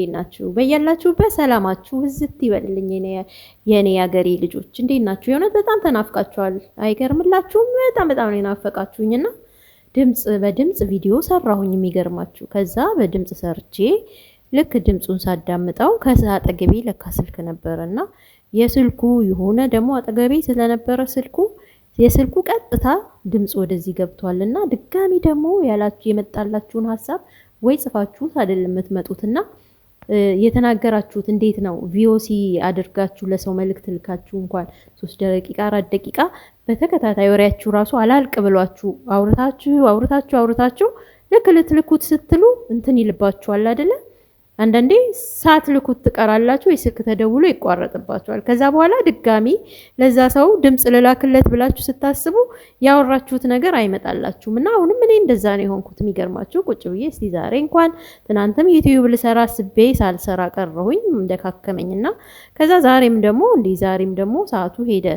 እንዴት ናችሁ? በያላችሁበት ሰላማችሁ ብዝት ይበልልኝ የኔ የአገሬ ልጆች፣ እንዴት ናችሁ? የእውነት በጣም ተናፍቃችኋል። አይገርምላችሁም? በጣም በጣም ነው የናፈቃችሁኝና ድምፅ በድምፅ ቪዲዮ ሰራሁኝ። የሚገርማችሁ ከዛ በድምፅ ሰርቼ ልክ ድምፁን ሳዳምጠው ከዛ አጠገቤ ለካ ስልክ ነበረ እና የስልኩ የሆነ ደግሞ አጠገቤ ስለነበረ ስልኩ የስልኩ ቀጥታ ድምፅ ወደዚህ ገብቷል እና ድጋሚ ደግሞ ያላችሁ የመጣላችሁን ሀሳብ ወይ ጽፋችሁት አይደለም የምትመጡትና የተናገራችሁት እንዴት ነው? ቪኦሲ አድርጋችሁ ለሰው መልእክት ልካችሁ እንኳን ሶስት ደቂቃ አራት ደቂቃ በተከታታይ ወሬያችሁ ራሱ አላልቅ ብሏችሁ አውርታችሁ አውርታችሁ አውርታችሁ ልክ ልትልኩት ስትሉ እንትን ይልባችኋል አይደለ? አንዳንዴ ልኩት ትቀራላችሁ። የስልክ ተደውሎ ይቋረጥባችኋል። ከዛ በኋላ ድጋሚ ለዛ ሰው ድምፅ ልላክለት ብላችሁ ስታስቡ ያወራችሁት ነገር አይመጣላችሁም እና አሁንም እኔ እንደዛ ነው የሆንኩት። የሚገርማችሁ ቁጭ ብዬ እስቲ ዛሬ እንኳን ትናንትም ዩትዩብ ልሰራ ስቤ ሳልሰራ ቀረሁኝ እና ከዛ ዛሬም ደግሞ እንዲህ ዛሬም ደግሞ ሰዓቱ ሄደ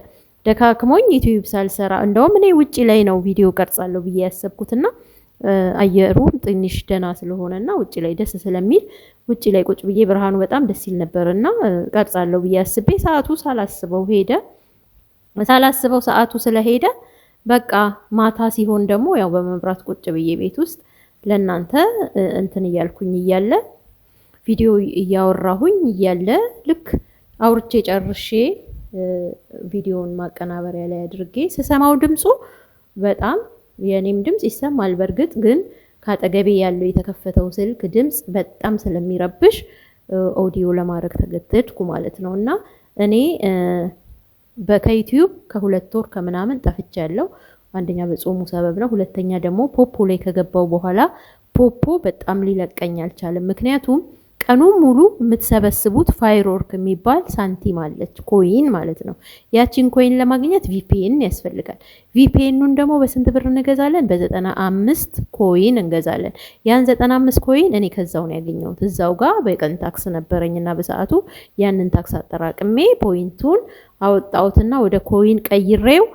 ደካክሞኝ ዩትዩብ ሳልሰራ እንደውም እኔ ውጭ ላይ ነው ቪዲዮ ቀርጻለሁ ብዬ ያሰብኩትና አየሩ ትንሽ ደና ስለሆነ እና ውጭ ላይ ደስ ስለሚል ውጭ ላይ ቁጭ ብዬ ብርሃኑ በጣም ደስ ይል ነበር እና ቀርጻለሁ ብዬ አስቤ ሰዓቱ ሳላስበው ሄደ። ሳላስበው ሰዓቱ ስለሄደ በቃ ማታ ሲሆን ደግሞ ያው በመብራት ቁጭ ብዬ ቤት ውስጥ ለእናንተ እንትን እያልኩኝ እያለ ቪዲዮ እያወራሁኝ እያለ ልክ አውርቼ ጨርሼ ቪዲዮውን ማቀናበሪያ ላይ አድርጌ ስሰማው ድምፁ በጣም የእኔም ድምፅ ይሰማል። በእርግጥ ግን ከአጠገቤ ያለው የተከፈተው ስልክ ድምፅ በጣም ስለሚረብሽ ኦዲዮ ለማድረግ ተገደድኩ ማለት ነው። እና እኔ ከዩቲዩብ ከሁለት ወር ከምናምን ያለው አንደኛ በጾሙ ሰበብ ነው። ሁለተኛ ደግሞ ፖፖ ላይ ከገባው በኋላ ፖፖ በጣም ሊለቀኝ አልቻለም። ምክንያቱም ቀኑ ሙሉ የምትሰበስቡት ፋይርወርክ የሚባል ሳንቲም አለች፣ ኮይን ማለት ነው። ያቺን ኮይን ለማግኘት ቪፒኤን ያስፈልጋል። ቪፒኤኑን ደግሞ በስንት ብር እንገዛለን? በዘጠና አምስት ኮይን እንገዛለን። ያን ዘጠና አምስት ኮይን እኔ ከዛውን ያገኘሁት እዛው ጋር በቀን ታክስ ነበረኝና በሰዓቱ ያንን ታክስ አጠራቅሜ ፖይንቱን አወጣሁትና ወደ ኮይን ቀይሬው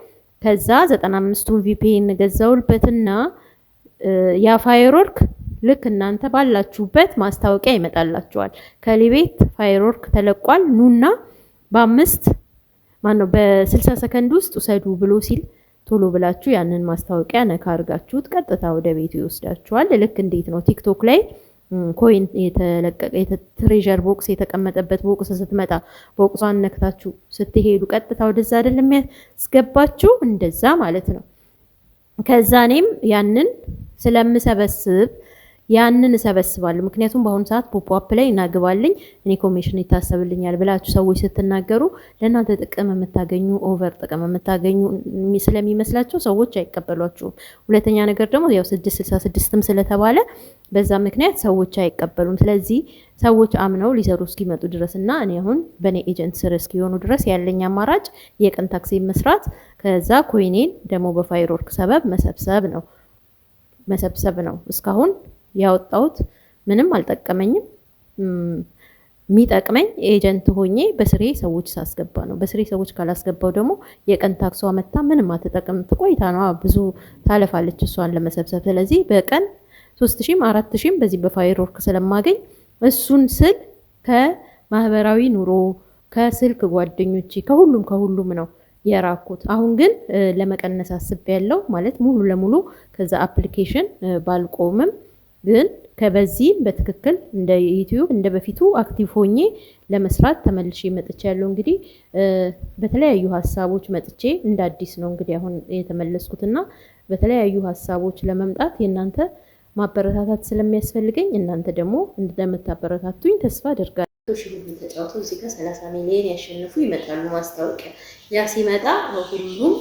ከዛ ዘጠና አምስቱን ቪፒኤን ገዛውልበትና ያ ፋይርወርክ ልክ እናንተ ባላችሁበት ማስታወቂያ ይመጣላችኋል። ከሊቤት ፋይርወርክ ተለቋል፣ ኑና በአምስት ማነው በስልሳ ሰከንድ ውስጥ ውሰዱ ብሎ ሲል ቶሎ ብላችሁ ያንን ማስታወቂያ ነካ አድርጋችሁት ቀጥታ ወደ ቤቱ ይወስዳችኋል። ልክ እንዴት ነው ቲክቶክ ላይ ኮይን የተለቀቀ ትሬዠር ቦክስ የተቀመጠበት ቦክስ ስትመጣ ቦክሷን ነክታችሁ ስትሄዱ ቀጥታ ወደዛ አይደለም የሚያስገባችሁ፣ እንደዛ ማለት ነው። ከዛ እኔም ያንን ስለምሰበስብ ያንን እሰበስባለሁ። ምክንያቱም በአሁኑ ሰዓት ፖፕአፕ ላይ እናግባልኝ እኔ ኮሚሽን ይታሰብልኛል ብላችሁ ሰዎች ስትናገሩ ለእናንተ ጥቅም የምታገኙ ኦቨር ጥቅም የምታገኙ ስለሚመስላቸው ሰዎች አይቀበሏችሁም። ሁለተኛ ነገር ደግሞ ያው ስድስት ስልሳ ስድስትም ስለተባለ በዛ ምክንያት ሰዎች አይቀበሉም። ስለዚህ ሰዎች አምነው ሊሰሩ እስኪመጡ ድረስ እና እኔ አሁን በእኔ ኤጀንት ስር እስኪሆኑ ድረስ ያለኝ አማራጭ የቀን ታክሲ መስራት፣ ከዛ ኮይኔን ደግሞ በፋይር ወርክ ሰበብ መሰብሰብ ነው መሰብሰብ ነው እስካሁን ያወጣሁት ምንም አልጠቀመኝም። የሚጠቅመኝ ኤጀንት ሆኜ በስሬ ሰዎች ሳስገባ ነው። በስሬ ሰዎች ካላስገባው ደግሞ የቀን ታክሷ መታ ምንም አትጠቅም፣ ትቆይታ ነው ብዙ ታለፋለች እሷን ለመሰብሰብ። ስለዚህ በቀን ሶስት ሺህም አራት ሺም በዚህ በፋይርወርክ ስለማገኝ እሱን ስል ከማህበራዊ ኑሮ ከስልክ ጓደኞቼ ከሁሉም ከሁሉም ነው የራኩት። አሁን ግን ለመቀነስ አስቤያለሁ ማለት ሙሉ ለሙሉ ከዛ አፕሊኬሽን ባልቆምም ግን ከበዚህም በትክክል እንደ ዩቲዩብ እንደ በፊቱ አክቲቭ ሆኜ ለመስራት ተመልሼ ያለው እንግዲህ በተለያዩ ሀሳቦች መጥቼ እንደ አዲስ ነው እንግዲህ አሁን የተመለስኩትና በተለያዩ ሀሳቦች ለመምጣት የእናንተ ማበረታታት ስለሚያስፈልገኝ እናንተ ደግሞ እንደምታበረታቱኝ ተስፋ አደርጋለሁ። ሽሁሉን ተጫውቶ እዚህ ጋር ሰላሳ ሚሊዮን ያሸንፉ ይመጣሉ። ማስታወቂያ ያ ሲመጣ ሁሉም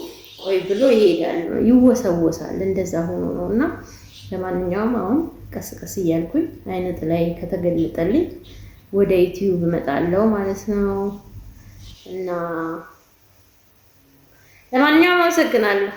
ቆይ ብሎ ይሄዳል፣ ይወሰወሳል። እንደዛ ሆኖ ነው እና ለማንኛውም አሁን ቀስ ቀስ እያልኩኝ አይነት ላይ ከተገለጠልኝ ወደ ዩቲዩብ እመጣለሁ ማለት ነው እና ለማንኛውም አመሰግናለሁ።